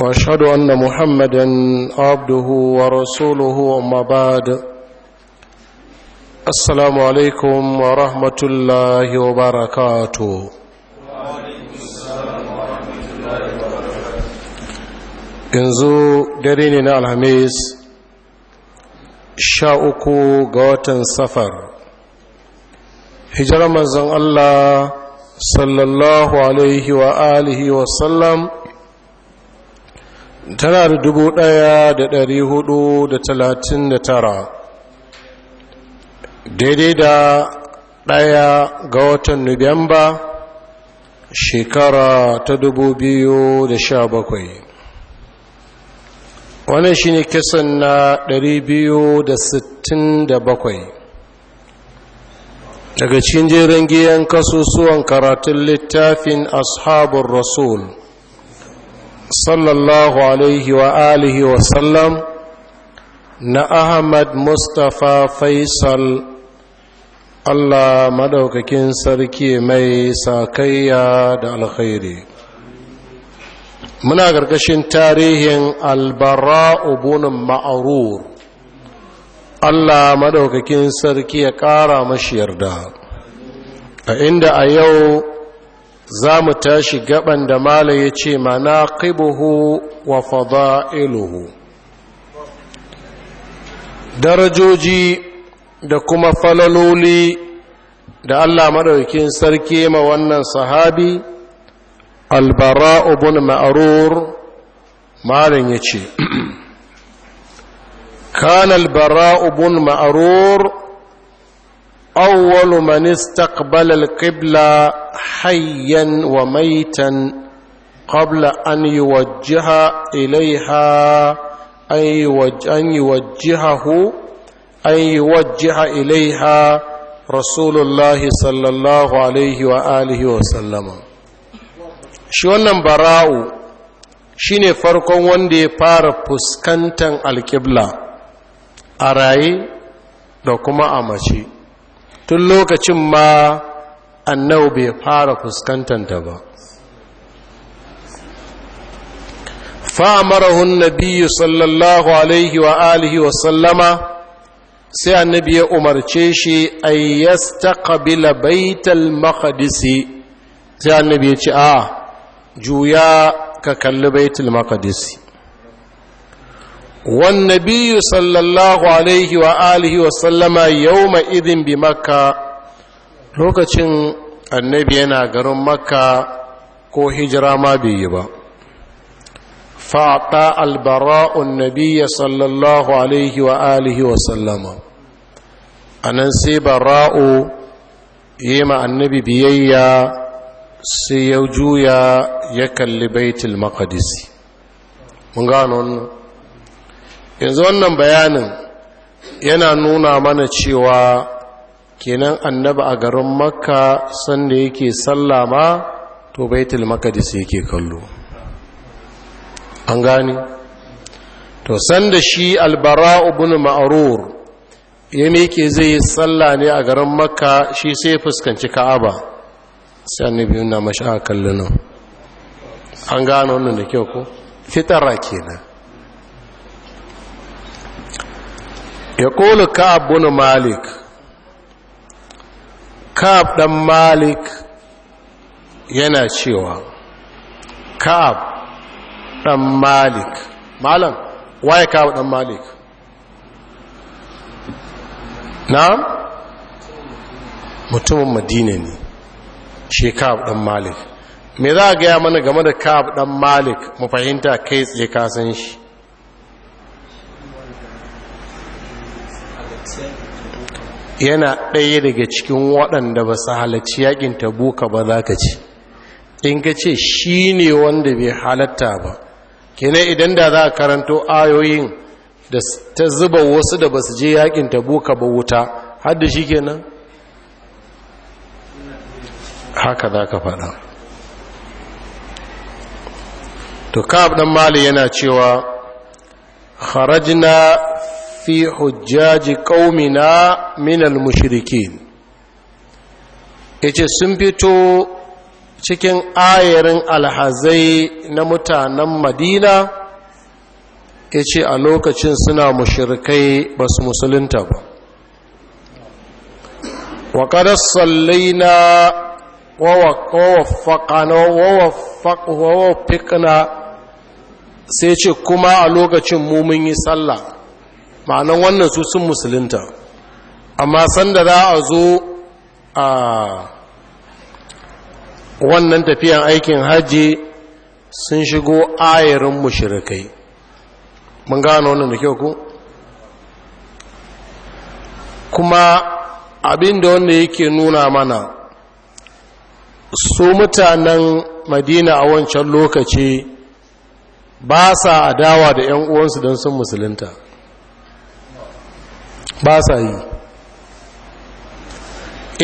واشهد ان محمدا عبده ورسوله اما بعد السلام عليكم ورحمه الله وبركاته yanzu dare ne na alhamis sha uku ga watan safar hijirar manzon allah sallallahu alaihi wa alihi wasallam tana da dubu ɗaya da da talatin da daidai da ɗaya ga watan nuwamba shekara ta dubu biyu da sha bakwai wannan shi ne kisan na ɗari biyu da sittin da bakwai daga cikin jerin giyan kasusuwan karatun littafin ashabun rasul sallallahu alaihi wa alihi wa sallam na ahmad mustapha faisal allah madaukakin sarki mai sakayya da alkhairi muna ƙarƙashin tarihin albara ubunin ma'arur allah madaukakin sarki ya ƙara mashi yarda a inda a yau za mu tashi gaban da mala ya ce mana ƙibuhu wa fada'iluhu darajoji da kuma falaloli da Allah maɗaukin sarki ma wannan sahabi albara ibn ma'arur malin ya ce kan albara ibn ma'arur awwalu man istaqbala al-qibla hayyan wa maitan قبل أن يوجه إليها أن يوجه, أن يوجهه أن يوجه إليها رسول الله صلى الله عليه وآله وسلم shi wannan bara'u shine farkon wanda ya fara fuskantar alƙibla a raye da kuma a mace tun lokacin ma annau bai fara fuskantanta ba fa'amarahun nabiyu sallallahu alaihi wa alihi wa sallama sai annabi ya umarce shi ayyas ta ƙabila baital makadisi sai annabi ya ce a ah, juya ka kalli baitul makadisi والنبي صلى الله عليه وآله وسلم يومئذ بمكة لوكتشن النبي أنا garin مكة ko hijira ma bai yi ba fa'ata bara'un nabiya sallallahu alaihi wa alihi wa sallama a sai bara'u yi annabi biyayya sai ya juya ya kalli baitul maqdisi mun gano wannan yanzu wannan bayanin yana nuna mana cewa kenan annaba a garin makka sanda yake sallama to baitul makadis yake kallo an gani to sanda shi albara ibn ma'rur ya yake zai yi salla ne a garin makka shi sai fuskanci ka'aba sai annabi na mashi a kallon an gano wannan da kyau ko fitara kenan ya ƙolu ka'ab bin malik ka'ab dan malik yana cewa ka'ab dan malik malam waye ka'ab dan malik na mutumin madina ne shi ka'ab dan malik me za a gaya mana game da ka'ab dan malik mu fahimta kai tsaye kasan shi yana ɗaya daga cikin waɗanda ba su halarci yakin tabuka ba za ka ci in ka ce shi ne wanda bai halatta ba kina idan da za a karanto ayoyin da ta zuba wasu da ba su je yakin tabuka ba wuta har da shi kenan haka za ka faɗa to abu ɗan mali yana cewa kharajna fi hujjaji ƙaumina minal mushrikin yace sun fito cikin ayarin alhazai na mutanen madina ce a lokacin suna mushrikai su musulunta ba wa qad sallaina wawafaƙana sai ce kuma a lokacin mumin yi sallah ma'anan wannan su sun musulunta amma sanda za a zo a wannan tafiyan aikin hajji sun shigo ayarin mushirikai mun gano wannan da kyau ku kuma abinda wanda yake nuna mana su mutanen madina a wancan lokaci ba sa adawa da 'yan uwansu don sun musulunta ba sa yi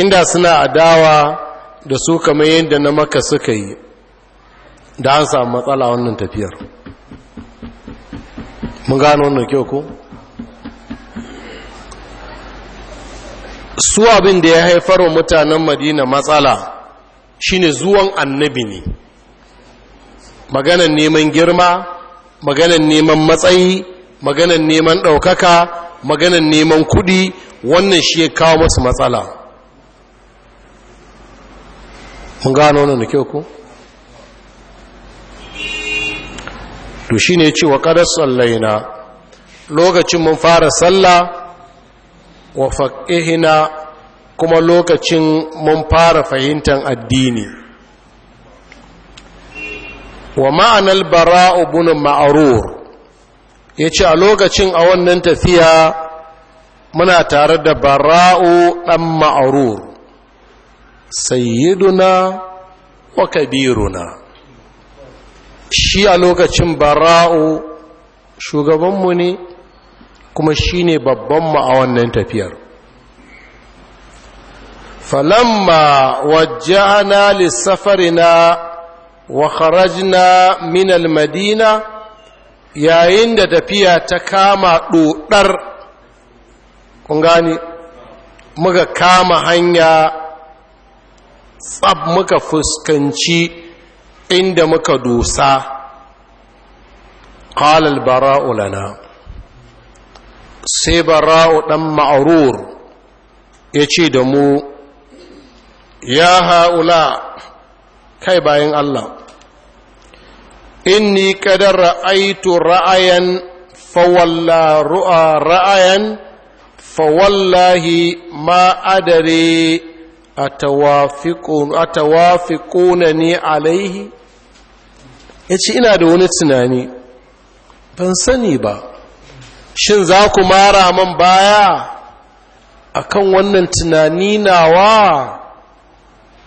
inda suna adawa da su kamar yadda na maka suka yi da an samu matsala wannan tafiyar mun gano wannan kyau ko su abin da ya haifar wa mutanen madina matsala shine zuwan annabi ne maganan neman girma maganan neman matsayi maganan neman ɗaukaka maganan neman kuɗi wannan shi ya kawo masu matsala mun gano wannan da kyau ko to shi ne ce wa ƙadar sallaina lokacin mun fara sallah wa faƙihina kuma lokacin mun fara fahimtar addini wa ma'anar bara'u bunin ma'arur ya ce a lokacin a wannan tafiya muna tare da bara'u ɗan ma'arur sayyiduna wa kabiruna shi a lokacin bara'u shugabanmu ne kuma shi ne babbanmu a wannan tafiyar falamma wajjana lissafarina wa kharajna min madina yayin da tafiya ta kama ɗoɗar kun gani muka kama hanya tsab muka fuskanci inda muka dosa ƙalal bara'u lana sai bara'u ɗan ma'arur ya ce da mu ya ha'ula kai bayan Allah inni kadar ra'aitu ra'ayan fawalla ru'a ra'ayan fawallahi ma adare atawafiquna ni alaihi yace ina da wani tunani ban sani ba shin za ku mara man baya akan wannan tunani nawa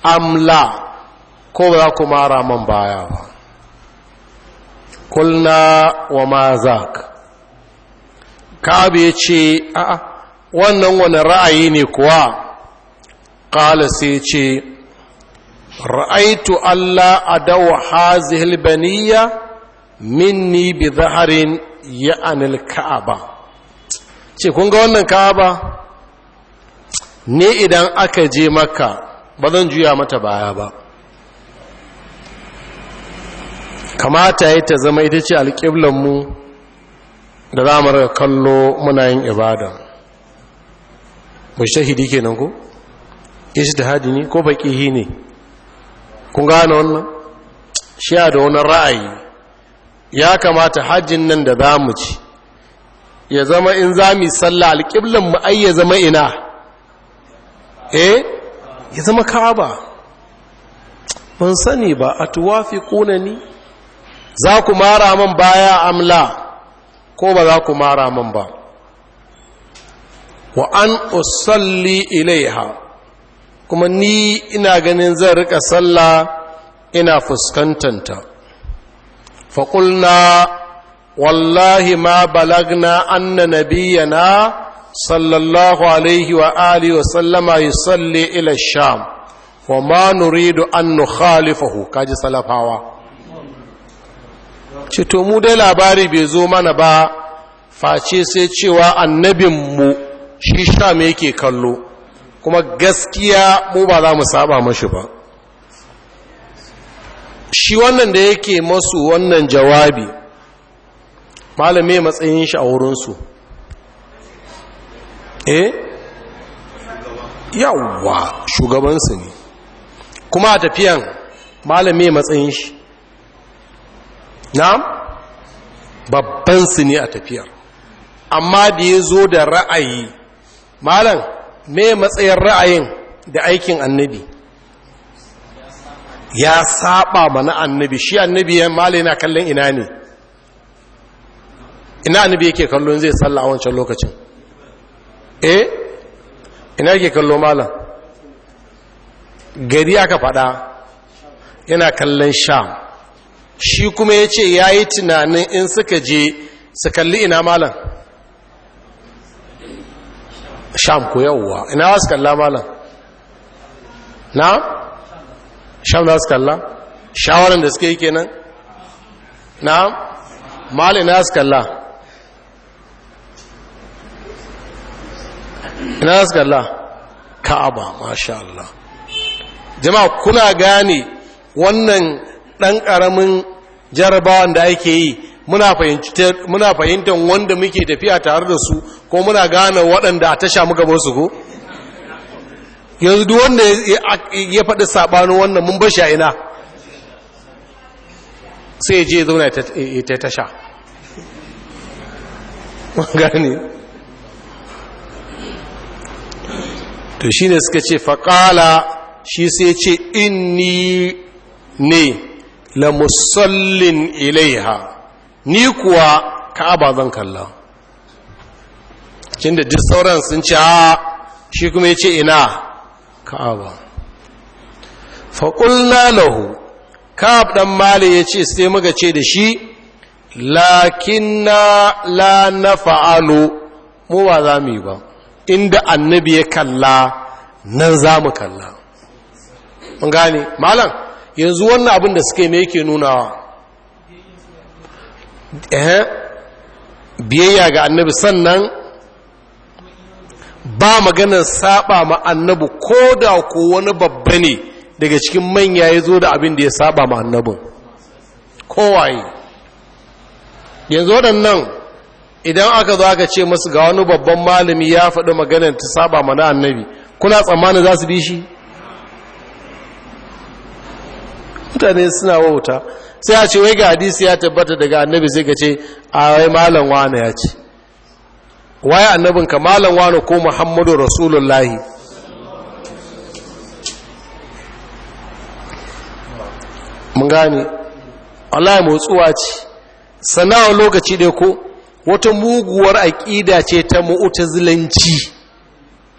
amla ko ba za ku mara man baya ba kulna wa ma zak ya ce a'a wannan wani ra'ayi ne kuwa ƙala sai ce ra'aitu Allah a adawa hazihil baniya minni bi zaharin ya anil ka'aba ce kun ga wannan ka'aba ne idan aka je maka ba zan juya mata baya ba kamata ya ta zama ita ce alƙiblanmu da za mu raka kallo muna yin ibada mujtahidi kenan ko ijtihadi ne ko hi ne kun gane wannan shi da wani ra'ayi ya kamata hajjin nan da za mu ci ya zama in za mu salla alƙiblan mu ai ya zama ina eh ya zama ba. Ban sani ba a tuwafi ƙunani za ku mara man baya amla ko ba za ku mara man ba wa an usalli ilaiha kuma ni ina ganin zan rika sallah ina fuskantanta faƙulna wallahi ma balagna anna nabiyyana sallallahu alaihi wa alihi wa sallama yusalli ila sham wa ma nuridu an nukhalifahu kaji salafawa ce to mu dai labari bai zo mana ba face sai cewa annabinmu shi sha me yake kallo kuma gaskiya mu ba za mu saba mashi ba shi wannan da yake masu wannan jawabi malamai matsayin shi a wurinsu eh yawwa shugabansu ne kuma a tafiyan malamai matsayin shi Na babban su ne a tafiyar amma da ya zo da ra'ayi malam me matsayin ra'ayin da aikin annabi ya saba mana annabi shi annabi ya malai na kallon ina ne ina annabi yake kallon zai salla a wancan lokacin e ina yake kallon malam gari aka fada yana kallon sha. shi kuma ya ce ya yi tunanin in suka je su kalli ina malam sham ko yawwa ina wasu kalla malam na sham da su kalla shawarar da suka yi kenan na malam ina su kalla ina su kalla ka'aba masha Allah jama'a kuna gane wannan ɗan ƙaramin jarabawan da ake yi muna fahimtar wanda muke tafiya tare da su ko muna gane waɗanda a tasha muka bar su ko yanzu duk wanda ya faɗi saɓanin wannan mun bashi a ina sai je zauna ta tasha gani to shi ne suka ce faƙala shi sai ce inni ne la musallin ilaiha ni kuwa ka'aba zan kalla cinda duk sauran sun ce a shi kuma ya ce ina ka'aba na lahu ka'ab ɗan mali ya ce sai muka ce da shi lakinna la na fa'alo mu ba za mu yi ba inda annabi ya kalla nan za mu kalla mun gane malam yanzu wannan abin da suke yi me yake nunawa biyayya ga annabi sannan ba maganar saba ma annabi ko da ko wani babba ne daga cikin manya ya zo da abin da ya saba ma annabin kowaye yanzu waɗannan idan aka zo aka ce masu ga wani babban malami ya faɗi maganar ta saba ma na annabi kuna tsammanin za su bi shi mutane suna wauta sai a ce wai ga hadisi ya tabbata daga annabi sai ka ce a wai malam wane ya ce waye annabin ka malam wane ko muhammadu rasulullahi mun gane Allah motsuwa ce sana'a lokaci dai ko wata muguwar aƙida ce ta mu'tazilanci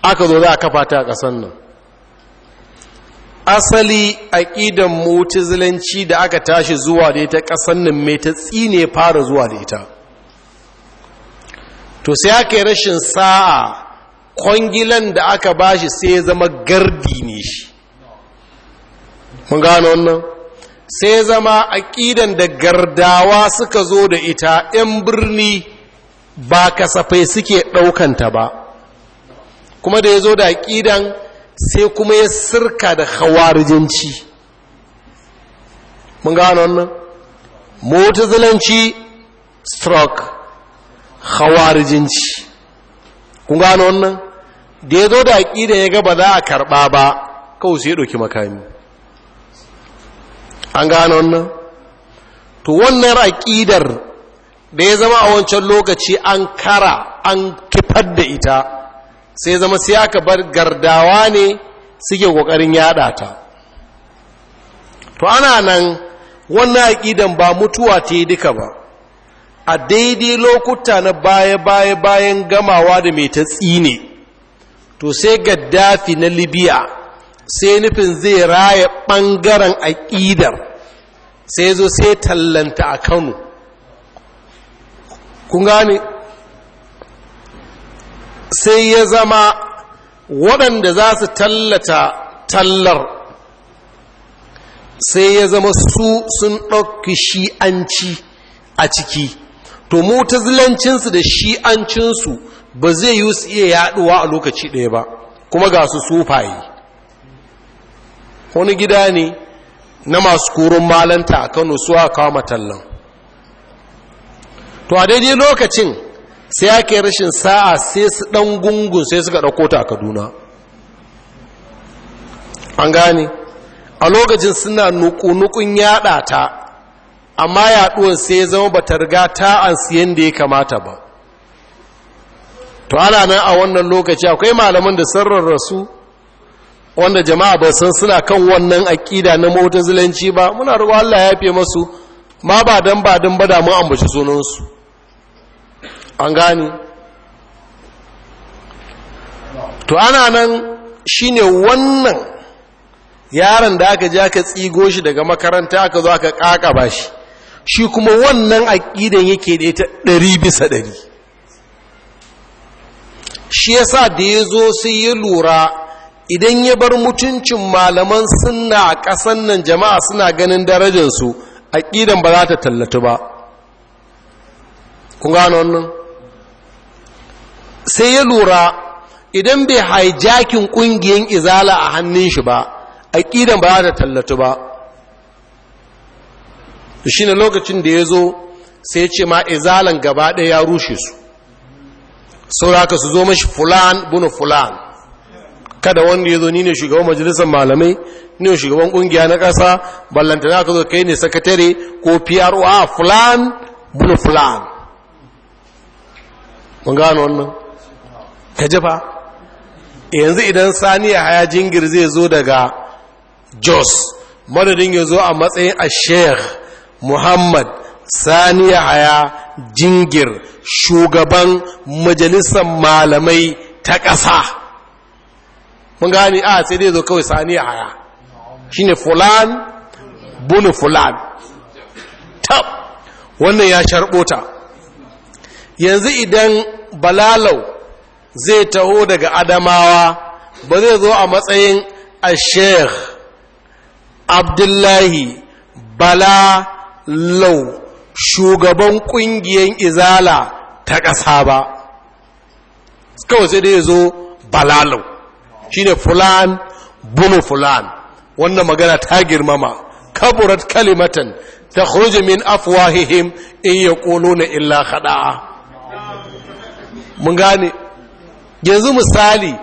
aka zo za a kafa ta a ƙasar nan asali aƙidan mutuzilanci da aka tashi zuwa da ita ƙasar nan mai ta tsine fara zuwa da ita to sai aka yi rashin sa'a kwangilan da aka bashi sai ya zama gardi ne shi mun gano wannan sai zama a ƙidan da gardawa suka zo da ita 'yan birni ba kasafai suke ɗaukanta ba kuma da ya zo da ƙidan. sai kuma ya sirka da khawarijanci mun gano wannan mutazilanci stroke khawarijanci kun gano wannan da ya zo da aƙida ya ga ba za a karɓa ba kawai sai ɗauki makami an gano wannan to wannan aƙidar da ya zama a wancan lokaci an kara an kifar da ita sai zama sai aka bar gardawa ne suke kokarin yada ta to ana nan wannan aƙidan ba mutuwa ta yi duka ba a daidai lokuta na baya-baya bayan gamawa da mai ta tsine to sai gaddafi na libya sai nufin zai raya ɓangaren aƙidar sai zo sai tallanta a kano kun gane sai ya zama waɗanda za su tallata tallar sai ya zama su sun ɗauki shi'anci a ciki to mutazilancinsu da shi'ancinsu ba zai yi su iya yaɗuwa a lokaci ɗaya ba kuma ga su sufaye wani gida ne na masu kurun malanta a kano suwa kawo matallan to a daidai lokacin sai ake rashin sa'a sai su dan gungun sai suka ɗauko ta kaduna an gane a lokacin suna nukunukun yada yaɗa ta amma yaɗuwan sai ya zama ba ta riga ta an siyan ya kamata ba to ana nan a wannan lokaci akwai malaman da sarrar rasu wanda jama'a ba san suna kan wannan aƙida na zilanci ba muna ruwa Allah ya fi masu ma ba don ba don ba damun mun ambaci sunansu an gani to ana nan shine wannan yaron da aka ji aka tsigo shi daga makaranta aka zo aka kakaba shi shi kuma wannan aƙidan yake da ita ɗari bisa ɗari shi ya sa da ya zo sai ya lura idan ya bar mutuncin malaman suna a ƙasan nan jama'a suna ganin darajarsu aƙidan ba za ta tallatu ba kun gano wannan sai ya lura idan bai haijakin ƙungiyar izala a hannun shi ba aƙidan ba da tallatu ba shi ne lokacin da ya zo sai ce ma izalan gaba ɗaya ya rushe su sauraka su zo mashi fulan bunu fulan kada wanda ya zo ni ne shugaban majalisar malamai ni ne shugaban kungiya na ƙasa ballanta na ka zo kai ne sakatare ko pro a fulan bunu fulan mun gano wannan ka ji yanzu idan saniya haya jingir zai zo daga jos madadin ya zo a matsayin a sheikh muhammad saniya haya jingir shugaban majalisar malamai ta ƙasa mun gani a sai dai zo kawai saniya haya shine fulan bunu fulan tab wannan ya sharɓota yanzu idan balalau zai taho daga adamawa ba zai zo a matsayin a abdullahi bala lau shugaban ƙungiyar izala ta ƙasa ba kawai sai dai zo Bala Lau shi ne fulan bulu fulan wannan magana ta girmama kaburat kalimatan ta min afuwa afwahihim in ya ƙolo na illa kaɗa'a. mun gane yanzu misali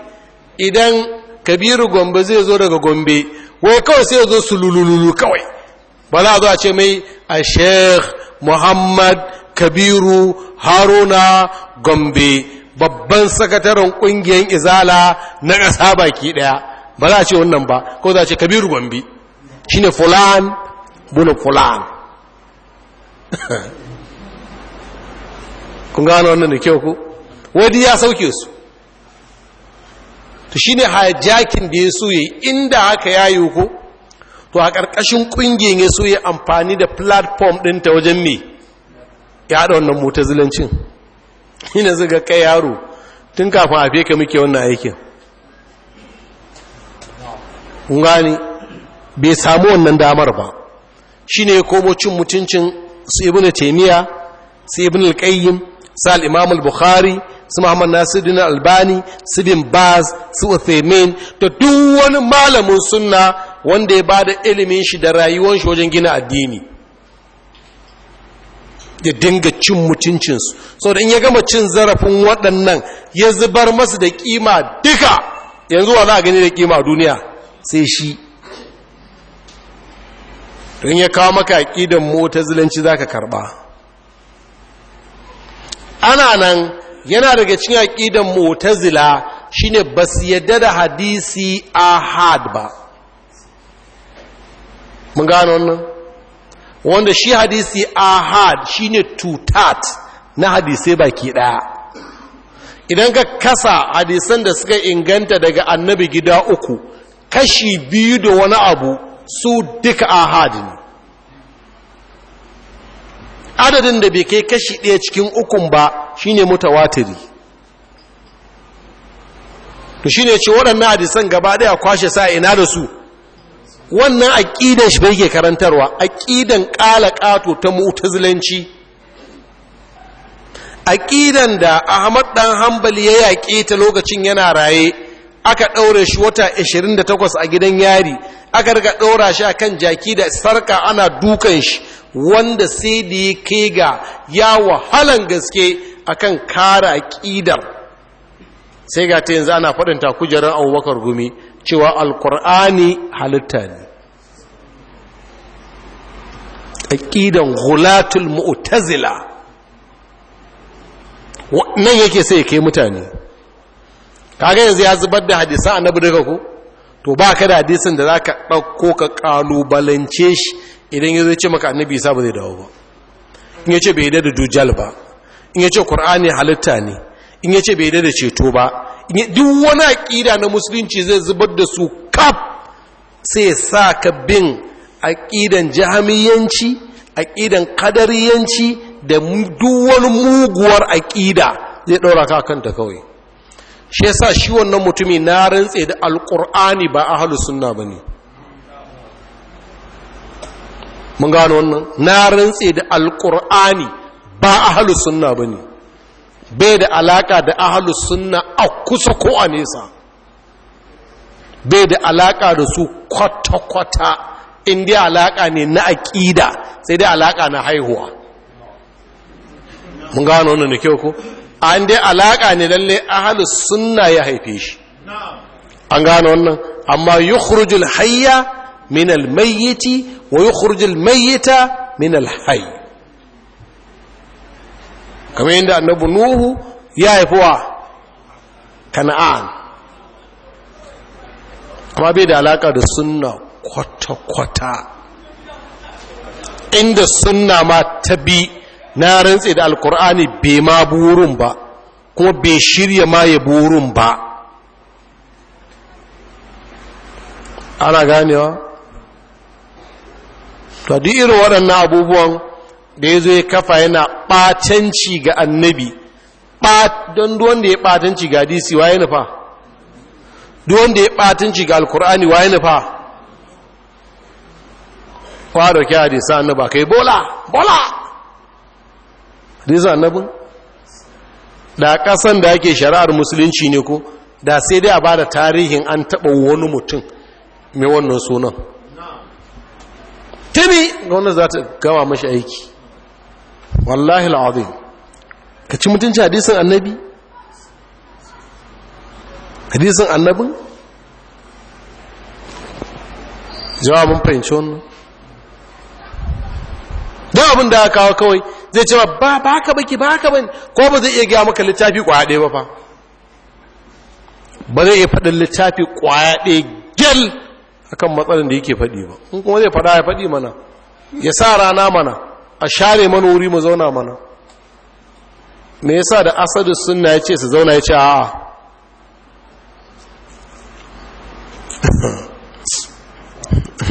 idan kabiru gombe zai zo daga gombe wai kawai sai ya zo su lulululu kawai ba za a zo a ce mai a sheikh muhammad kabiru haruna gombe babban sakataren kungiyar izala na ƙasa baki ɗaya ba za a ce wannan ba ko za a ce kabiru gombe shi ne fulan bunu fulan kun gano wannan da kyau ku wadi ya sauke su to ne hajjakin da ya so yi inda haka ya yi ko to a ƙarƙashin ƙungiyar ya so yi amfani da platform ɗinta wajen me ya haɗa wannan zilancin ina zaga kai yaro tun kafin a feka muke wannan aikin gani bai samu wannan damar ba shine komo cin mutuncin su Ibina temiya su Ibina al su al su Muhammad na Albani su bin Baz su da duk wani malamin sunna wanda ya bada ilimin shi da rayuwar shi wajen gina addini ya dinga cin mutuncinsu da in ya gama cin zarafin waɗannan ya zubar masu da kima duka yanzu wa za a gani da kima a duniya sai shi don ya kawo maka ƙidan mota zilanci za ka karɓa ana nan yana daga cikin aƙidan motazila shine basu yadda da hadisi ahad ba mun gano wannan wanda shi hadisi ahad shine tutat na hadisai baki ɗaya. idan ka kasa hadisan da suka inganta daga annabi gida uku kashi biyu da wani abu su duka ahad ne adadin da bai kai kashi ɗaya cikin ukun ba shine mutawatiri to shi ne ce waɗannan hadisan gaba ɗaya kwashe sa ina da su wannan aƙidan shi bai ke karantarwa aƙidan ƙala ƙato ta mutazilanci aƙidan da ahmad ɗan hambali ya yaƙe ta lokacin yana raye aka ɗaure shi wata 28 a gidan yari aka riga ɗaura shi a kan jaki da sarka ana dukan shi wanda sai da ya kai ga ya wahalan gaske akan kara ƙidar sai ga ta yanzu ana faɗinta kujerar abubakar gumi cewa alkur'ani halitta ne aƙidan hulatul mu'tazila nan yake sai ya kai mutane kaga yanzu ya zubar da hadisa a annabi daga ku to ba ka da hadisin da za ka ɗauko ka ƙalubalance shi idan ya zai ce maka annabi isa ba zai dawo ba in ya ce bai yadda da dujal ba in ya ce ƙur'ani halitta ne in ya ce bai yadda ceto ba duk wani aƙida na musulunci zai zubar da su kaf sai sa ka bin aƙidan jahamiyanci aƙidan kadariyanci da duk wani muguwar aƙida zai ɗaura ka kanta kawai shi yasa shi wannan mutumi na rantse da alƙur'ani ba ahlus sunna bane mun gano wannan na rantse da alkur'ani ba ahalus sunna ba ne bai da alaka da ahalus sunna a kusa ko a nesa bai da alaka da su kwata-kwata inda alaka ne na aƙida sai dai alaka na haihuwa mun gano wannan da kyau ko an dai alaka ne lalle ahalus sunna ya haife shi an gano wannan amma yukhrujul hayya min almayyiti wa yukhrij almayyita minal hai. Kama yadda annabi nuhu ya haifi wa kana'an amma bai da alaka da sunna kwata-kwata inda sunna ma ta bi na rantse da alkur'ani bai ma burin ba kuma bai shirya ma ya burin ba ana ganewa to duk irin waɗannan abubuwan da ya zo ya kafa yana ɓatanci ga annabi don duwanda ya ɓatanci ga hadisi waye nufa duwanda ya ɓatanci ga alkur'ani waye nufa fara ki hadisa annaba kai bola bola hadisa annabin da ƙasan da ake shari'ar musulunci ne ko da sai dai a ba da tarihin an taɓa wani mutum mai wannan sunan tuni wannan za ta gawa mashi aiki wallahi al'azim ka ci mutunci hadisun annabi hadisun annabin jawabin fahimci wannan don abin da aka kawo kawai zai ce ba ba ka baki ba ka bane ko ba zai iya gaya maka littafi kwaɗe ɗaya ba fa ba zai iya faɗin littafi kwaɗe ɗaya gyal akan matsalin da yake faɗi ba in kuma zai faɗa ya faɗi mana ya sa rana mana a share mana wuri mu zauna mana me yasa da asadu sunna ya ce su zauna ya ce a'a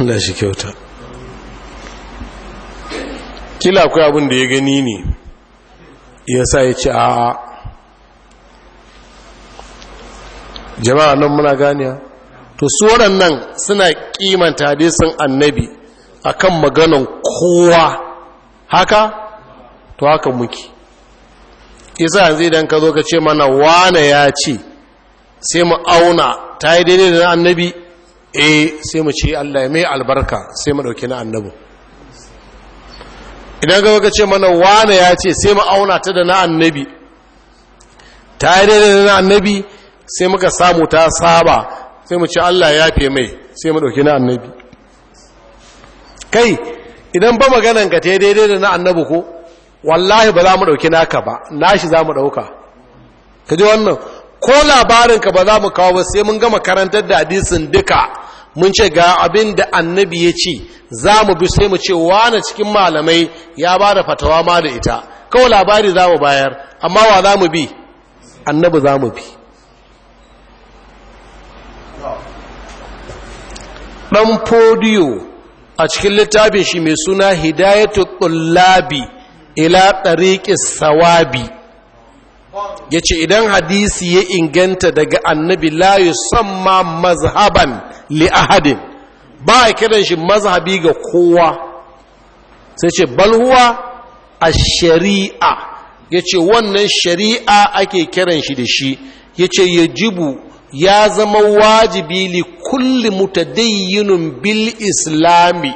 Allah shi kyauta kila akwai abin da ya gani ne ya sa ya ce a'a jama'a nan muna ganiya to su waɗannan suna kimanta hadisin annabi akan maganan kowa haka to haka muke isa yanzu idan ka zo ka ce mana wane ya ce sai mu auna ta yi daidai da annabi eh sai mu ce allah mai albarka sai mu dauki na annabu. idan zo ka ce mana wane ya ce sai mu auna ta da na annabi ta yi daidai da na annabi sai muka samu ta saba sai mu ci Allah ya fi mai sai mu ɗauki na annabi kai idan ba maganan ka ta daidai da na annabi ko wallahi ba za mu ɗauki naka ba nashi za mu ɗauka ka ji wannan ko labarinka ba za mu kawo ba sai mun gama karantar da hadisin duka mun ce ga abin da annabi ya ce za mu bi sai mu ce wane cikin malamai ya ba da fatawa ma da ita kawai labari za mu bayar amma wa za mu bi annabi za mu bi ɗan fodiyo a cikin littafin shi mai suna hidayatul ɗullabi ila tariqis sawabi ya idan hadisi ya inganta daga annabi layu yusamma mazhaban ahadin ba a kiran shi mazhabi ga kowa sai ce balhuwa a shari'a yace wannan shari'a ake kiran shi da shi ya ce ya jibu ya zama wajibi li kulli mutadayyinun bil islami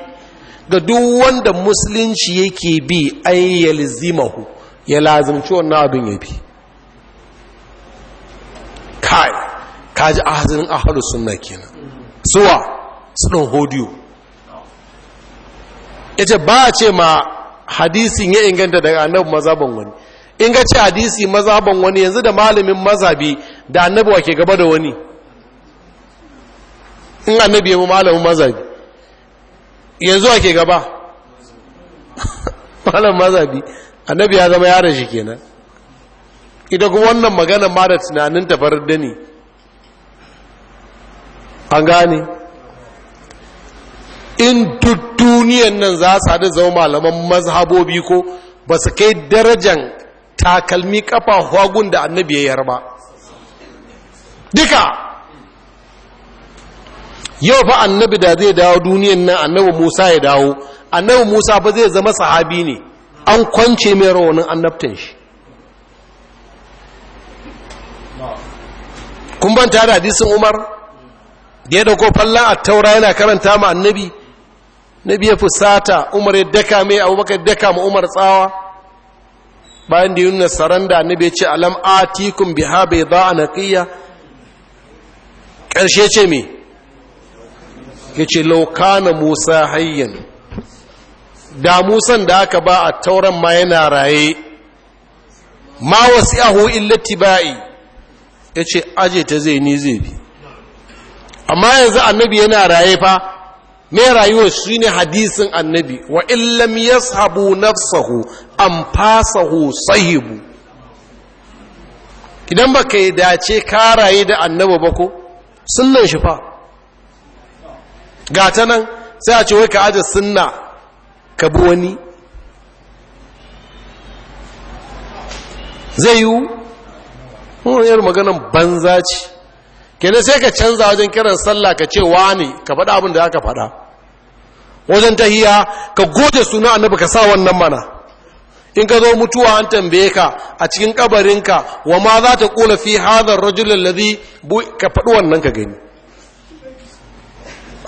ga duk wanda musulunci yake bi an yalzimahu ya lazimci wannan abin ya bi kai kaji ahazinin ahalu sunna kenan suwa su ɗan hodiyo ya ce ba a ce ma hadisin ya inganta daga annabu ban wani in ga ce hadisi mazaban wani yanzu da malamin mazabi da annabi wa ke gaba da wani in annabi ya malamin mazabi yanzu wa ke gaba malamin mazabi annabi ya zama yara shi kenan ita kuma wannan magana ma da tunanin tafarar da ne an gane in duk duniyan nan za su haɗu zama malaman mazhabobi ko ba su kai darajan takalmi kafa hagun da annabi ya yarba duka yau ba annabi da zai dawo duniyan nan annabi musa ya dawo annabi musa ba zai zama sahabi ne an kwance mai rawanin annabtan shi kun banta da hadisin umar da ya dauko falla a taura yana karanta ma annabi nabi ya fusata umar ya daka mai abubakar daka ma umar tsawa bayan da yunna saranda annabi ya ce alam atikum biha a naƙiya. Ƙarshe ce me Ya ce, kana musa hayyan da musan da aka ba a tauran ma yana raye ma wasi'ahu bai. Ya ce, aje ta zai ni zai bi amma yanzu annabi yana raye fa me rayuwar shi ne hadisin annabi wa illam yashabu nafsahu an fasahu sahibu idan ba ka yi dace karaye da annabi ba ko sunnan shi fa gata nan sai a ce wai ka aje sunna ka bi wani zai yiwu wani yar maganan banza ce kenan sai ka canza wajen kiran sallah ka ce wani ka faɗa abin da aka faɗa wajen tahiya ka goje suna annabi ka sa wannan mana in ka zo mutuwa an tambaye ka a cikin kabarinka wa ma za ta kula fi hadar da ladhi ka faɗi wannan ka gani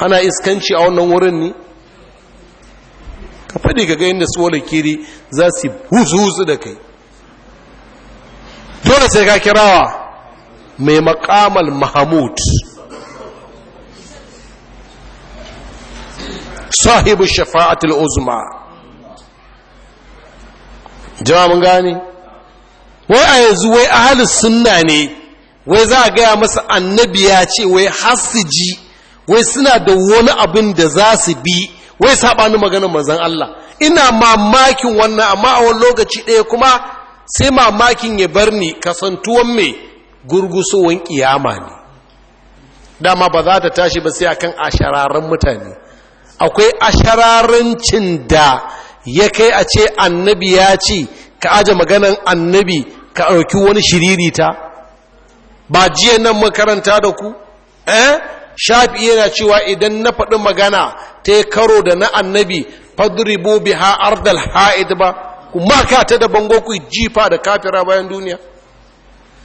ana iskanci a wannan wurin ne ka faɗi ka gani da tsola kiri za su husu da kai dole sai ka kirawa mai makamal mahamud sahibu shafa'atul uzma jama mun gane wai a yanzu wai ahalus sunna ne wai za a gaya masa annabi ya ce wai ji? wai suna da wani abin da za su bi wai sabani maganin manzan Allah ina mamakin wannan amma a wani lokaci ɗaya kuma sai mamakin ya bar ni kasantuwan me. gurgusowar kiyama ne dama ba za ta tashi ba sai akan ashararren mutane akwai cin da ya kai a ce annabi ya ce ka aje maganan annabi ka ɗauki wani shiririta ba jiya nan makaranta da ku eh shafi yana cewa idan na faɗi magana ta yi karo da na annabi fadribu biha ardal ha'id ba ku ka ta da bango ku jifa da kafira bayan duniya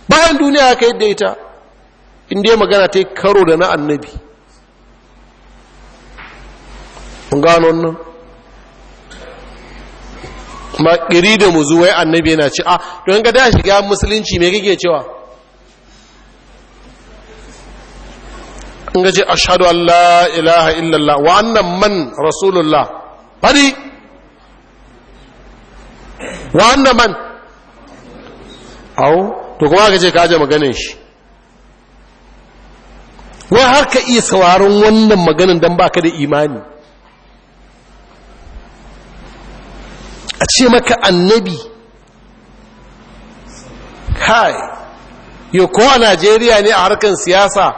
bayan duniya aka yadda ita inda ya magana ta yi karo da na annabi mun gano wannan kuma ƙiri da mu zuwa annabi yana ci a ah, don ga da shiga musulunci mai kake cewa in gaji shaɗu Allah ilaha illallah wa annan man rasulullah bari wa annan man au to kuma ka ce ka aje maganin shi wai har ka iya sauraron wannan maganin don ba ka da imani a ce maka annabi kai yau ko a najeriya ne a harkar siyasa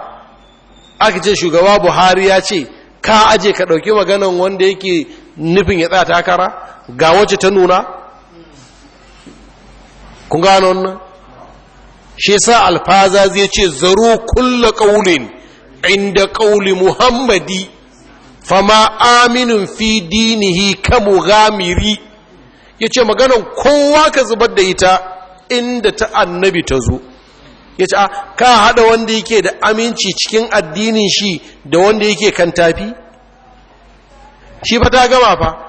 aka ce shugaba buhari ya ce ka aje ka ɗauki maganin wanda yake nufin ya tsaya takara ga wacce ta nuna kun gano wannan shi sa alfaza zai ce zaro kulla ƙaunin inda ƙauli muhammadi fama aminin fi dinihi kamu gamiri ya ce maganan kowa ka zubar da ita inda ta annabi ta zo ya ce ah, ka haɗa wanda yake da aminci cikin addinin shi da wanda yake kan tafi shi fa ta gama fa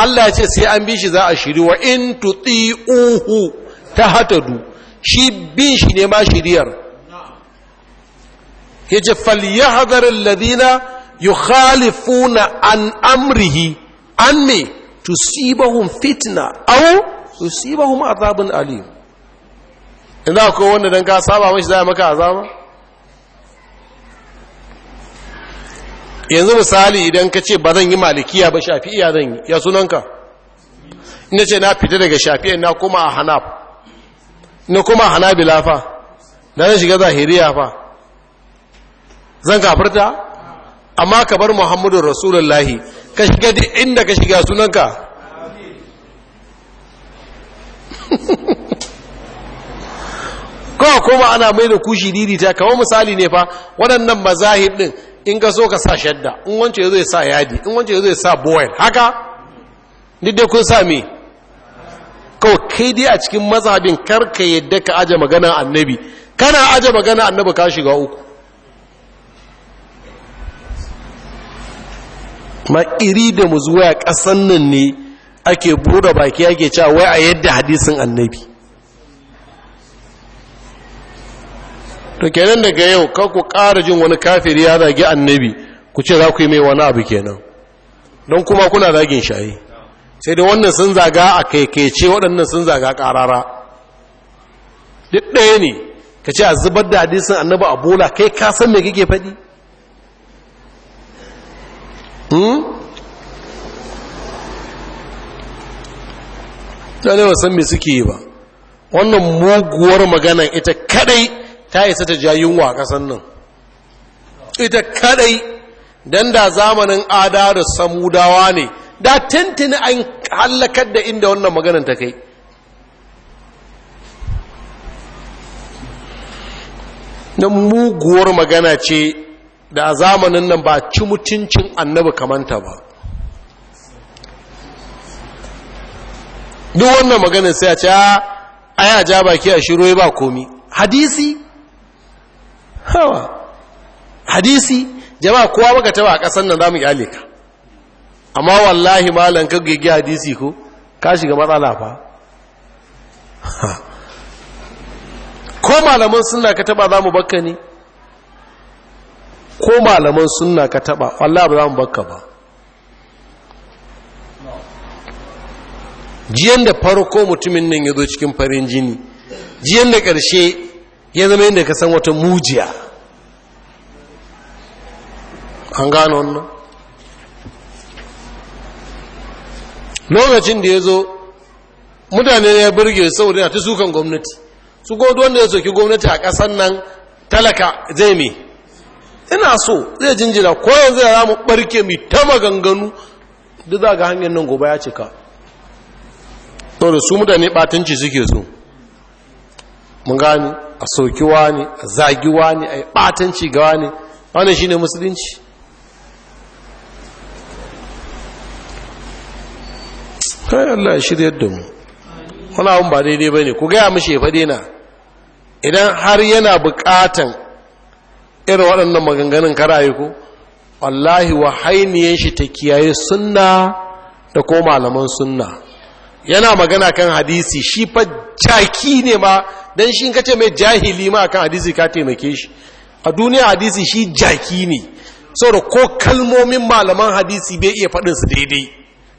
Allah ya ce sai an bi shi za a shiri wa in tuti'uhu ta hatadu shi bin shi ne ma shiriyar ya ce falyahadarin ladina yukhalifuna an amrihi an me tusibahum fitna au tusibahum azabun alim inda ko wanda don ka saba mashi zai maka azaba yanzu misali idan ka ce ba zan yi malikiya ba shafi'iya zan yi ya sunanka ce na fita daga shafi'iya na kuma a hanaf na kuma hanabila fa na zai shiga zahiriya fa zan kafarta amma ka bar muhammadu rasulullahi ka shiga duk inda ka shiga sunanka kawai kuma ana mai da kushi didi ta kamar misali ne fa waɗannan mazahib ɗin in ka so ka sa shadda in wance zai sa yadi in wance zai sa boyan haka duk kun sa kawai kai dai a cikin mazhabin karka yadda ka aje magana annabi kana aje magana annabi ka shiga uku ma iri da mu zuwa ƙasan nan ne ake buɗe baki ake cewa wai a yadda hadisin annabi to kenan daga yau kawai ku ƙara jin wani kafiri ya zagi annabi ku ce za ku yi mai wani abu kenan don kuma kuna zagin shayi sai da wannan sun zaga a kaikaice waɗannan sun zaga ƙarara duk ɗaya ne ka ce a zubar da hadisin annaba a bola kai ka san me kake faɗi ɗane hmm? ba san me suke yi ba wannan muguwar maganan ita kadai ta isa ta ja yunwa a ƙasan nan ita kadai don da zamanin ada da samudawa ne da tuntuni an hallakar da inda wannan maganar ta kai na muguwar magana ce da a zamanin nan ba ci mutuncin annabi kamanta ba duk wannan maganin sai a ce ah, a ya ja baki a shiro ba komi hadisi hawa hadisi jama'a kowa baka taba a ƙasar nan za mu yi alika amma wallahi malan ka gege hadisi ko ka shiga matsala fa ko malaman sunna ka taba za mu bakka ne ko malaman sunna ka taba wallahi ba za mu bakka ba jiyan da farko mutumin nan ya zo cikin farin jini jiyan da karshe ya zama yadda ka san wata mujiya an gano wannan lokacin da ya zo mutane ya burge saboda yana ta sukan gwamnati su godo wanda ya soki gwamnati a kasan nan talaka zai me ina so zai jinjira ko yanzu ya mu barke mai ta maganganu duk za ga hanyar nan gobe ya cika saboda su mutane batanci suke so mun gani a soki wani a zagi wani a yi batanci ga wani shine musulunci kai Allah ya shirya da mu wani abun ba daidai ba ne ku gaya mashi ya faɗi na idan har yana buƙatan irin waɗannan maganganun karaye ku wallahi wa hainiyan shi ta kiyaye sunna da ko malaman sunna yana magana kan hadisi shi fa jaki ne ma dan shi kace mai jahili ma kan hadisi ka taimake shi a duniya hadisi shi jaki ne saboda ko kalmomin malaman hadisi bai iya faɗin su daidai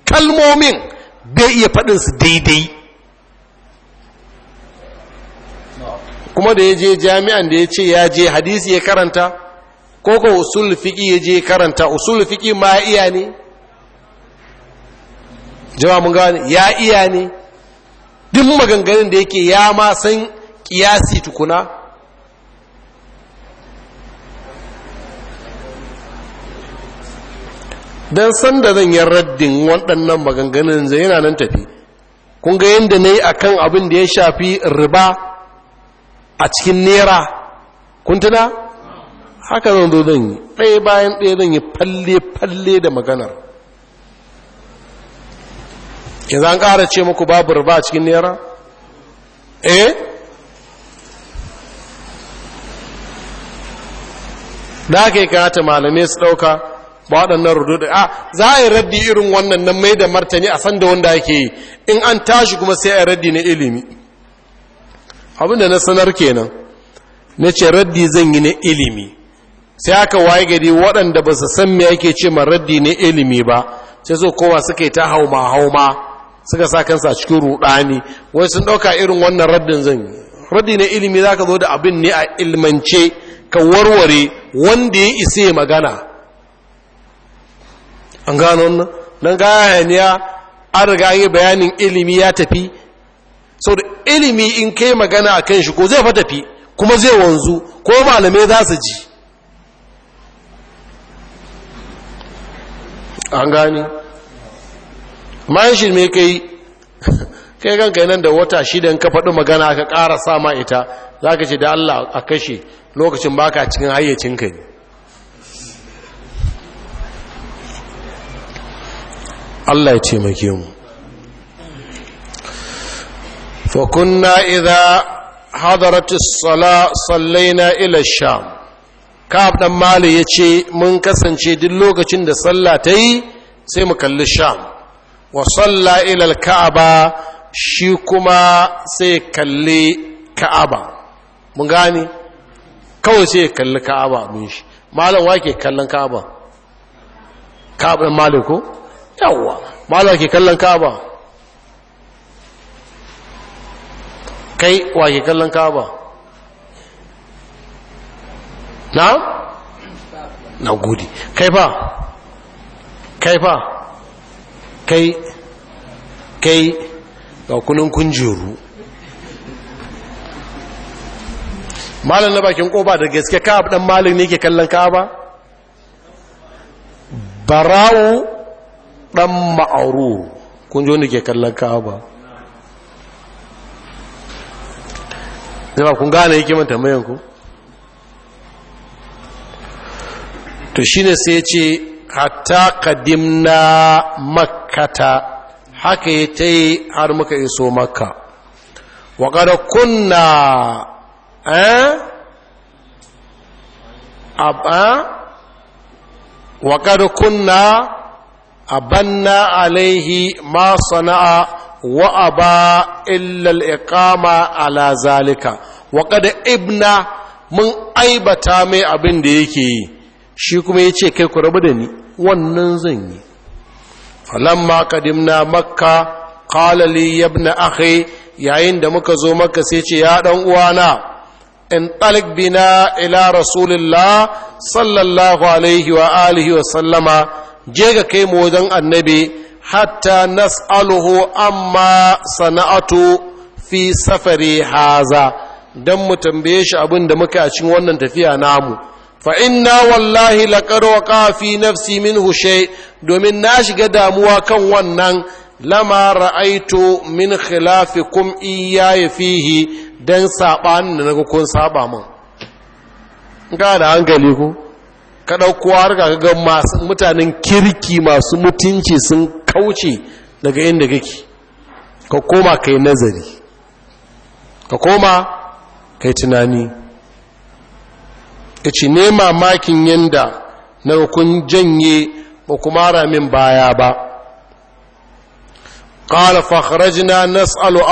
kalmomin bai iya su daidai kuma da ya je jami'an da ya ce ya je hadisi ya karanta ko ko usul fiƙi ya je karanta usul fiƙi ma iya ne jama mun gane ya iya ne duk maganganun da yake ya ma san kiyasi tukuna don sanda zan yi raddin waɗannan maganganun zai yana nan tafi kun ga yadda na yi a kan abin da ya shafi riba a cikin nera kun haka zan zo zan yi ɗaya bayan ɗaya zan yi falle-falle da maganar yanzu an ƙara ce muku babu riba a cikin nera eh da aka yi malamai su ɗauka ba waɗannan rudu a za a yi raddi irin wannan nan mai da martani a sanda wanda yake yi in an tashi kuma sai a raddi na ilimi abinda na sanar kenan na ce raddi zan yi na ilimi sai aka waye gari waɗanda ba su san me ake ce ma raddi na ilimi ba sai so kowa suka yi ta hauma hauma suka sa kansa cikin ruɗani wai sun ɗauka irin wannan raddin zan yi raddi na ilimi za ka zo da abin ne a ilmance ka warware wanda ya isa magana an gano wannan don gaya ya an riga yi bayanin ilimi ya tafi sau da ilimi in kai magana a kan shi ko zai fa tafi kuma zai wanzu ko malamai za su ji an gani mayan shi mai kai kai kai nan da wata shidan ka faɗi magana ka ƙara sama ita za ka ce da allah a kashe lokacin baka cikin hayyacinka ne Allah ya taimake mu fa kunna idza hadarat as-sala sallaina ila sham ka'ab dan mali yace mun kasance duk lokacin da sallah ta yi sai mu kalli sham wa salla ila al-ka'aba shi kuma sai kalli ka'aba mun gani kawai sai kalli ka'aba mun shi malam wake kallon ka'aba ka'aba dan mali ko yawwa za ke kallon kaba kai wa ke kallon kaba na na gudi kai fa kai fa kai kai ga kunan kunjeru malin na bakin koba da gaske ka dan malin ne ke kallon ka ba barawo ɗan ma'auru, kun ji wanda ke kallon kaba. zama kun gane yake manta mayanku? to shi ne sai ce hatta kadimna makkata haka yi ta yi har muka iso makka waƙada kunna eh? eh? waƙada kunna abanna alaihi ma sana'a wa aba illa al-iqama ala zalika wa qad ibna mun aibata mai abin da yake yi shi kuma yace kai ku rabu da ni wannan zan yi falamma qadimna makka qala li ibn akhi yayin da muka zo maka sai ce ya dan uwana in talik bina ila rasulillah sallallahu alaihi wa alihi wa sallama je ga kai mu wajen annabi hatta nas'aluhu amma sana'atu fi safari haza dan mu tambaye shi abin da muka a cikin wannan tafiya namu fa inna wallahi laqad waqa fi nafsi minhu shay domin na shiga damuwa kan wannan lama ra'aitu min khilafikum iyaya fihi dan sabanin da naga kun saba mun ga da hankali ku ka har ka ga mutanen kirki masu mutunci sun kauce daga inda kake ka koma kai nazari ka koma kai tunani ci ne mamakin yanda na kun janye ba kuma ramin baya ba قال an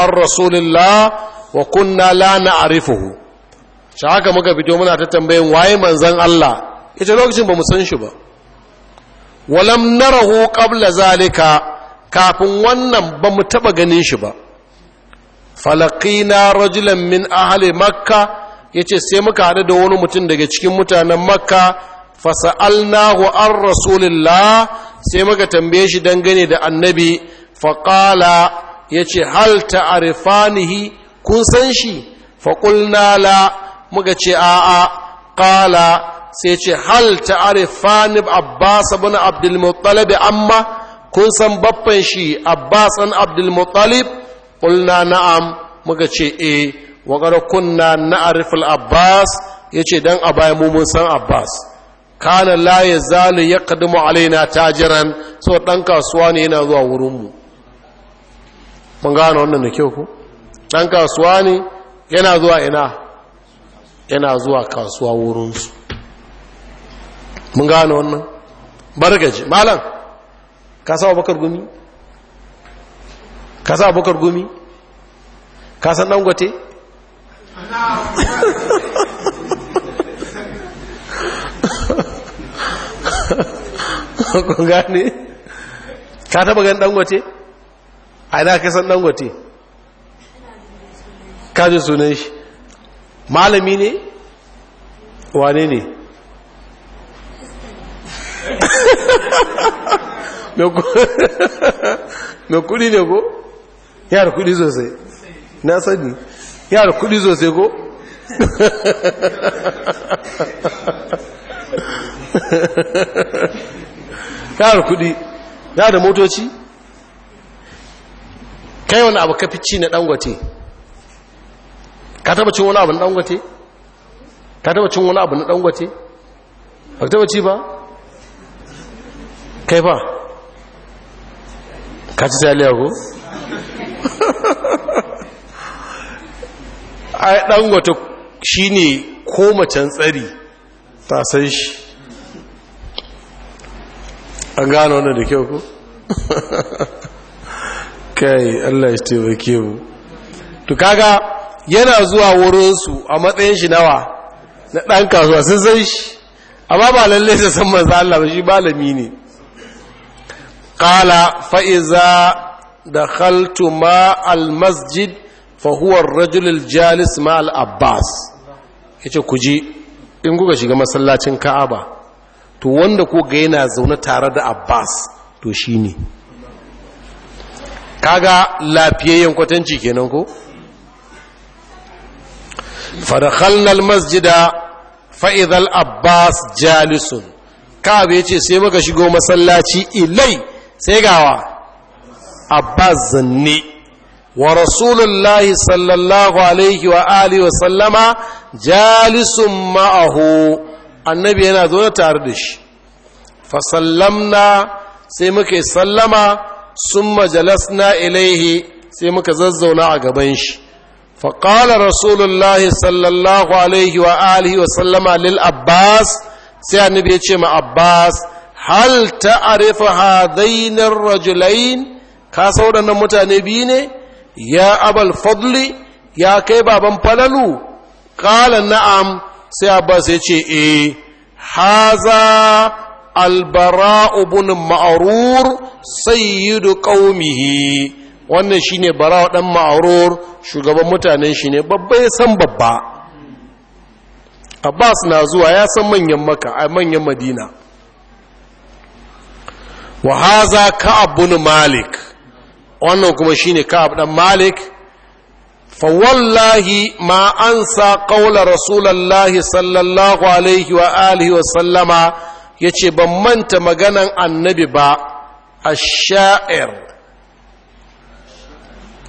rasulillah wa kunna la na arifuhu shi haka muka fito muna ta tambayin waye manzon Allah ya ce lokacin ba mu san shi ba walam narahu qabla zalika kafin wannan ba mu taɓa ganin shi ba falakina rajulan min ahli makka yace sai muka haɗu da wani mutum daga cikin mutanen makka fasa'alnahu ar rasulillah sai muka tambaye shi dangane da annabi faƙala ya ce hal ta'rifanihi kun san shi faƙulna la muka ce a'a ƙala sai ce hal ta ni abbas ibn abdul amma kun san baffan shi Abba ibn abdul muttalib na'am muka ce e. wa kunna na'rif Abbas? Ya ce dan a baya mu mun san abbas kana la ya yaqdimu alaina tajiran so ɗan kasuwa ne yana zuwa wurin mun gano wannan da kyau ku ɗan kasuwa ne yana zuwa ina yana zuwa kasuwa wurinsu mun gano wannan bargaji malam ka sa abokar gumi ka sa abokar gumi ka san dangote kun gane ka taba gan dangote a ina ka san dangote ka ji sunan shi malami ne wane ne mai kudi ne ko yara kudi sosai na sani yara kudi sosai ko yara kudi ya da motoci kai wani abu kafi ci na dangote ka taba cin wani abu na dangote ka taba cin wani abu na dangote ba ka taba ci ba kai ba ka ci taliya ko ai dan wata shine ko macen tsari ta san shi an gano wannan da kyau ko kai Allah ya taimake mu to kaga yana zuwa wurin su a matsayin shi nawa na dan kasuwa sun san shi amma ba lalle sai san manzo Allah ba shi malami ne qala fa'iza iza dakhaltu ma al masjid fa huwa jalis ma al abbas yace ku ji in kuka shiga masallacin ka'aba to wanda ko ga yana zaune tare da abbas to shine kaga lafiyayyen kwatanci kenan ko fadakhalna almasjida fa idha abbas jalisun ya yace sai muka shigo masallaci ilai sai gawa abbas zanne wa rasulullahi sallallahu alaihi wa alihi wa sallama jalisun ma'ahu annabi yana zaune tare da shi Fa sallamna sai muka sallama sun majalasna ilaihi sai muka zazzauna a gaban shi qala rasulullahi sallallahu alaihi wa alihi wa sallama lil abbas sai annabi ya ce ma abbas hal ta'rifu hadain ar-rajulain ka saudannan mutane biyu ne ya abal fadli ya kai baban falalu Kala na'am sai abbas ya ce eh haza albara ibn ma'rur sayyidu qaumihi wannan shine bara ɗan ma'rur shugaban mutanen shi ne babba ya san babba abbas na zuwa ya san manyan maka a manyan madina wa haza ka'ab bin malik wannan kuma shine ka'ab dan malik fa wallahi ma ansa qawla rasulullahi sallallahu alaihi wa alihi wa sallama yace ban manta maganan annabi ba ash-sha'ir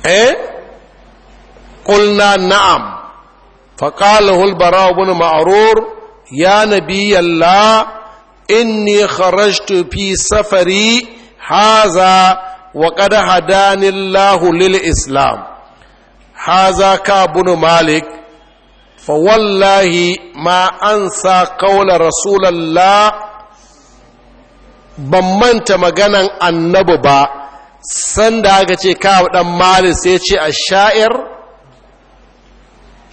eh qulna na'am فقاله البراء بن معرور يا نبي الله inni kharajtu fi safari haza wa qad hadani Allahu lil islam haza ka ibn malik fa wallahi ma ansa qawla rasulullah ban manta maganan annabi ba sanda aka ce ka dan malik sai ce a sha'ir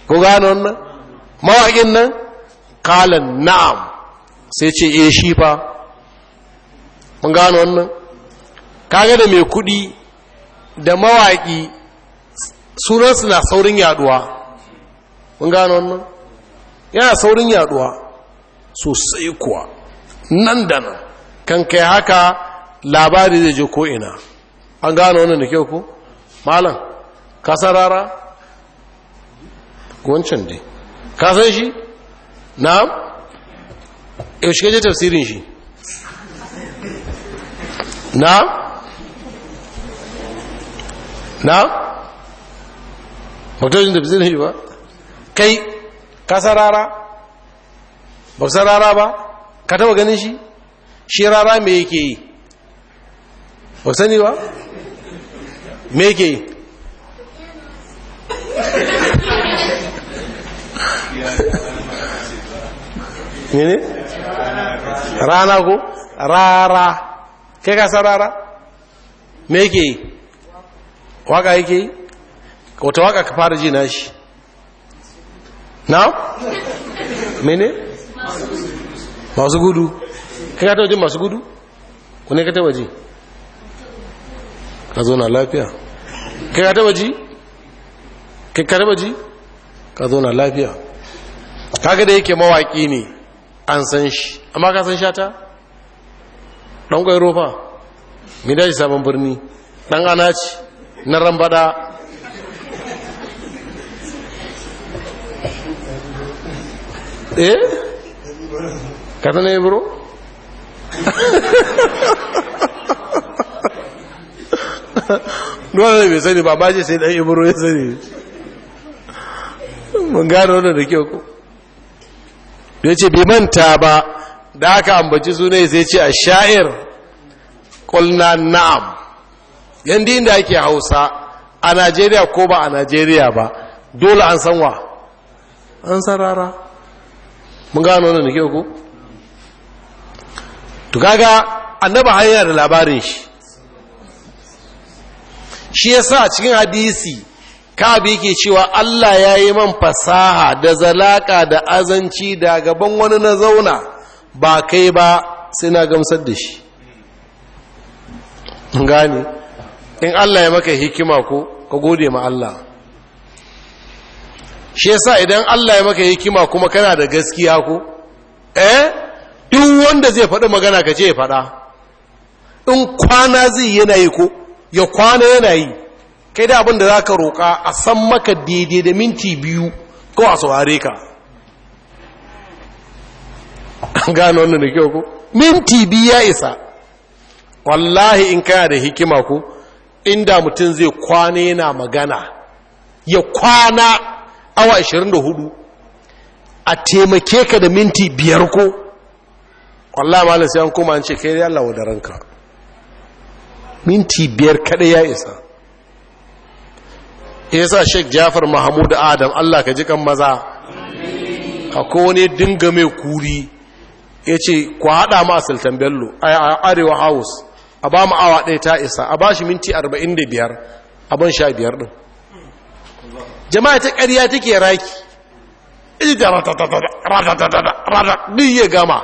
ku gano wannan mawaƙin nan kalan na'am sai ce e shi fa mun gano wannan kaga da mai kudi da mawaki sunansu na saurin yaduwa mun gano wannan yana saurin yaduwa sosai kuwa nan da nan kan kai haka labari zai je ko'ina an gano wannan da kyau ko malam kasarara wancan dai kasan shi na'am yaushe je tafsirin shi na na mutum tafsirin shi ba kai ka sarara ba sarara ba ka taba ganin shi shi rara me yake yi ba sani ba me yake yi ne ne rana ko rara ke ka sa rara me yake yi waka yake yi wata waka ka fara ji na shi na mene masu gudu ka taba ji masu gudu ku ne ka taba ji ka zo na lafiya kai ka taba ji kai ka taba ji ka zo na lafiya kaga da yake mawaki ne an san shi amma ka san shata ɗan ƙwairo fa mida shi sabon birni ɗan anaci na rambada eh ka san ya buru duwanda bai sani ba ba ce sai ɗan iburo ya sani mun gano wannan da kyau da ce bai manta ba da aka ambaci suna sai ce a sha'ir ƙulna na'am yadda inda ake hausa a najeriya ko ba a najeriya ba dole an san wa an san rara mun gano wannan da ke ku tukaga annaba hanyar da labarin shi shi ya sa cikin hadisi kabi yake cewa Allah ya yi man fasaha da zalaka da azanci da gaban wani na zauna ba kai ba sai na gamsar da shi gani in Allah ya maka hikima ko ka gode ma Allah shi yasa idan Allah ya maka hikima kuma kana da gaskiya ko eh duk wanda zai faɗi magana ka ce ya faɗa in kwana zai yana yi ko ya kwana yana yi kai da abin da za ka roƙa a san maka daidai da minti biyu ko a saurare ka an gano wannan da kyau ko minti biyu ya isa wallahi in kana da hikima ko inda mutum zai kwana yana magana ya kwana awa 24 a taimake ka da minti biyar ko wallahi malam sai an koma an ce kai da yalla wadaranka minti biyar kada ya isa yasa Sheikh Jafar Mahmud Adam Allah ka ji kan maza a wani dinga mai kuri ya ce ku hada ma Sultan Bello a Arewa House a ba mu awa ɗaya ta isa a ba shi minti 45 a ban 15 din jama'a ta ƙarya take raki ita ratatatata duk ya gama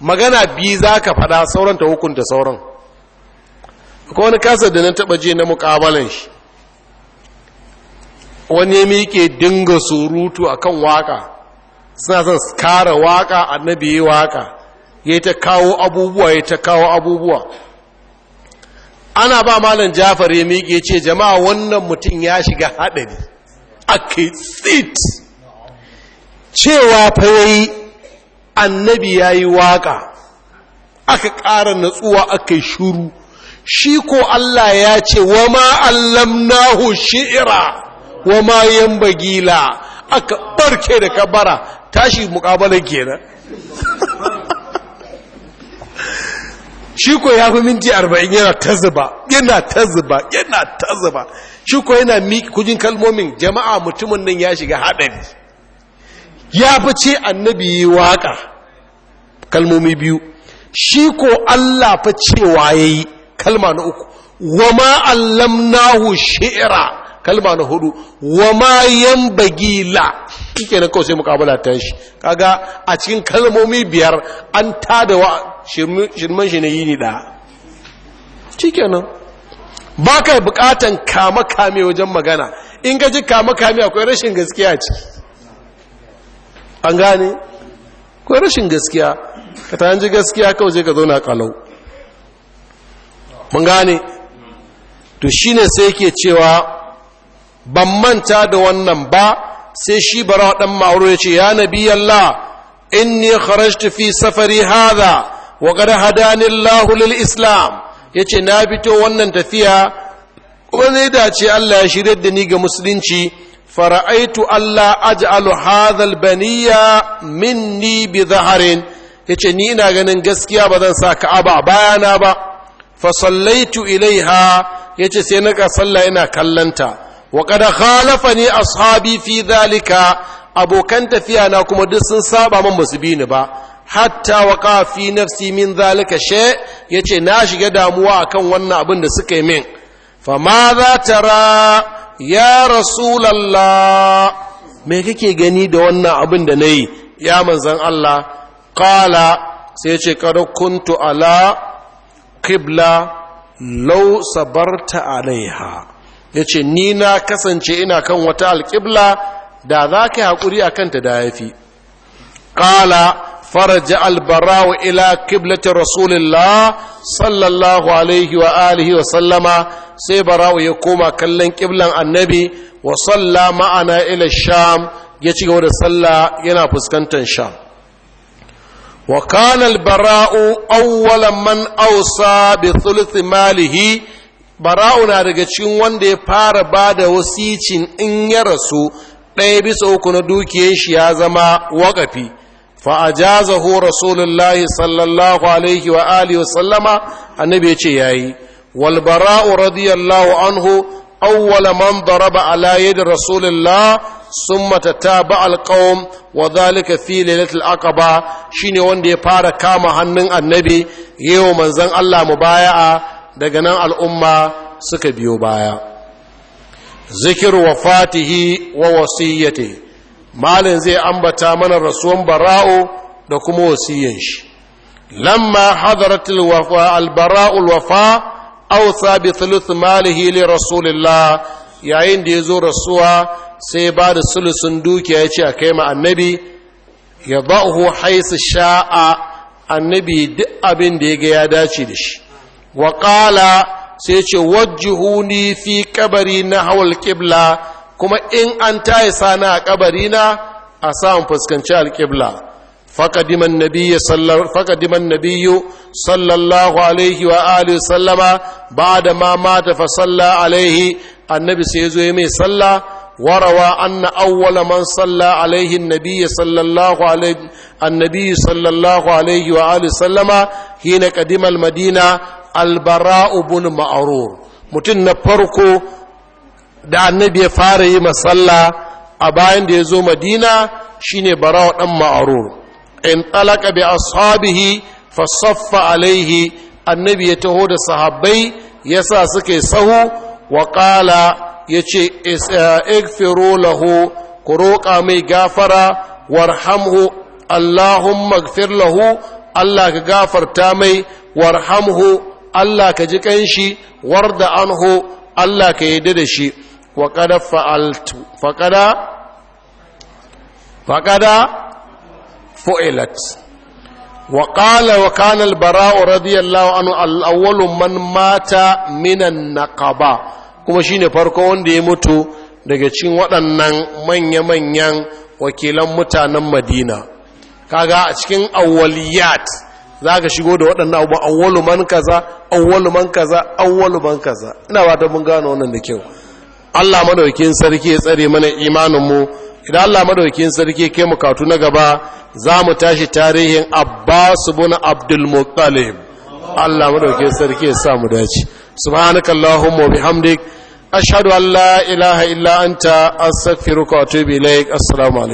magana biyu za ka faɗa sauran ta hukunta sauran akwai wani kasar da na taɓa je na muƙabalan shi wani ya miƙe dinga surutu a kan waƙa suna son kara waƙa annabi ya waƙa ya ta kawo abubuwa ya ta kawo abubuwa ana ba malam jafar ya miƙe ce jama'a wannan mutum ya shiga haɗari a tsit cewa fa ya yi annabi ya yi waƙa aka ƙara natsuwa aka shuru shi ko Allah ya ce wa ma'allam nahu shi'ira wa ma 'yan bagila aka barke da kabara tashi mukabalan kenan shi ko ya fi minti arba'in yana ta zuba yana ta zuba yana ta zuba shi ko yana miki kujin kalmomin jama'a mutumin nan ya shiga haɗari ya fi ce annabi yi waƙa kalmomi biyu shi ko allah fa cewa ya yi kalma na uku wa ma allamnahu shi'ira kalma na hudu wa ma yanbagi la na kawai sai mukabala ta shi kaga a cikin kalmomi biyar an tada wa shirman shi ne ni da nan. ba kai bukatan kama kame wajen magana in ka ji kama kame akwai rashin gaskiya ciki an gane akwai rashin gaskiya ka ta ji gaskiya kawai zai ka na kalau mun gane to shine sai ke cewa ban manta da wannan ba sai shi bara dan ma'ruf ya ce ya nabi Allah inni kharajtu fi safari hadha wa qad hadani Allah lil Islam yace na fito wannan tafiya kuma zai dace Allah ya shirye da ni ga musulunci fara'aitu Allah aj'alu hadha al-baniya minni bi dhaharin yace ni ina ganin gaskiya ba zan sa Ka'aba bayana ba fa sallaitu ilaiha yace sai na ka sallah ina kallanta wa ne a ashabi fi dhalika abokan tafiya na kuma duk sun saba man basu bini ba hatta waqa fi nafsi min dhalika yace na shiga damuwa a kan wannan abin da suka yi min fa ma za tara ya rasulullah me kake gani da wannan abin da nayi ya manzon Allah qala sai yace kad kuntu ala qibla law sabarta alaiha ya ce ni na kasance ina kan wata alƙibla da za ka yi haƙuri a kanta da ya fi ƙala faraja albarawa ila ƙiblatin rasulullah sallallahu alaihi wa alihi wa sallama sai barawa ya koma kallon ƙiblan annabi wa salla ma'ana ila sham ya ci gaba da sallah yana fuskantar sham wa kana albara'u awwala man awsa bi malihi bara'u na daga cikin wanda ya fara ba da wasicin in ya rasu ɗaya bisa uku na dukiyar shi ya zama waƙafi fa'ajazahu rasulullahi sallallahu alaihi wa alihi wa sallama annabi ya ce yayi wal bara'u radiyallahu anhu awwala man daraba ala yad rasulillah summa matata ba qawm wa dhalika fi lailatul aqaba shine wanda ya fara kama hannun annabi yau manzon Allah mubaya'a daga nan al'umma suka biyo baya zikir wa fatihi wa wasiyyate malin zai ambata mana rasuwan bara'u da kuma wasiyyan shi lamma hadaratul wafa albara'ul wafa ausa sabi thuluth malihi li rasulillah yayin da ya zo rasuwa sai ba da sulusun dukiya ya ce a kai ma annabi ya ba'uhu haisu sha'a annabi duk abin da ya ga ya dace da shi Wakala sai ce wajjuhuni fi kabari na hawal ƙibla kuma in an taya sani a kabari na a samun fuskanci alƙibla fakadiman nabiyyu sallallahu alaihi wa alihi sallama ba da ma mata fa salla alaihi annabi sai zo mai sallah وروى أن أول من صلى عليه النبي صلى الله عليه النبي صلى الله عليه وآله وسلم حين قدم المدينة البراء بن معرور متن فرقو da annabi ya fara yi masalla a bayan da ya zo madina shine barawa dan ma'arur in talaka bi ashabihi fa saffa alaihi annabi ya taho da sahabbai yasa suka sahu wa ya ce igfiro uh, lahu ku roƙa mai gafara warhamhu allahun magfir lahu allah ka gafarta mai warhamhu allah ka ji kanshi warda anhu allah ka yi da shi waƙada fa'altu faƙada faƙada fu'ilat waƙala wa kanal bara'u radiyallahu anu al'awwalun man mata minan naqaba kuma shi ne farko wanda ya mutu daga cikin waɗannan manya-manyan wakilan mutanen madina kaga a cikin awaliyat za ka shigo da waɗannan abubuwan awwalu man kaza awwalu man kaza awwalu man kaza ina ba ta mun gano wannan da kyau Allah madaukin sarki ya tsare mana imaninmu idan Allah madaukin sarki kai mu katu na gaba za mu tashi tarihin abbasu buna Abdul Muttalib Allah madaukin sarki ya sa mu dace subhanakallahumma bihamdik ashhadu an la ilaha illa anta astaghfiruka wa atubu ilaik assalamu alaikum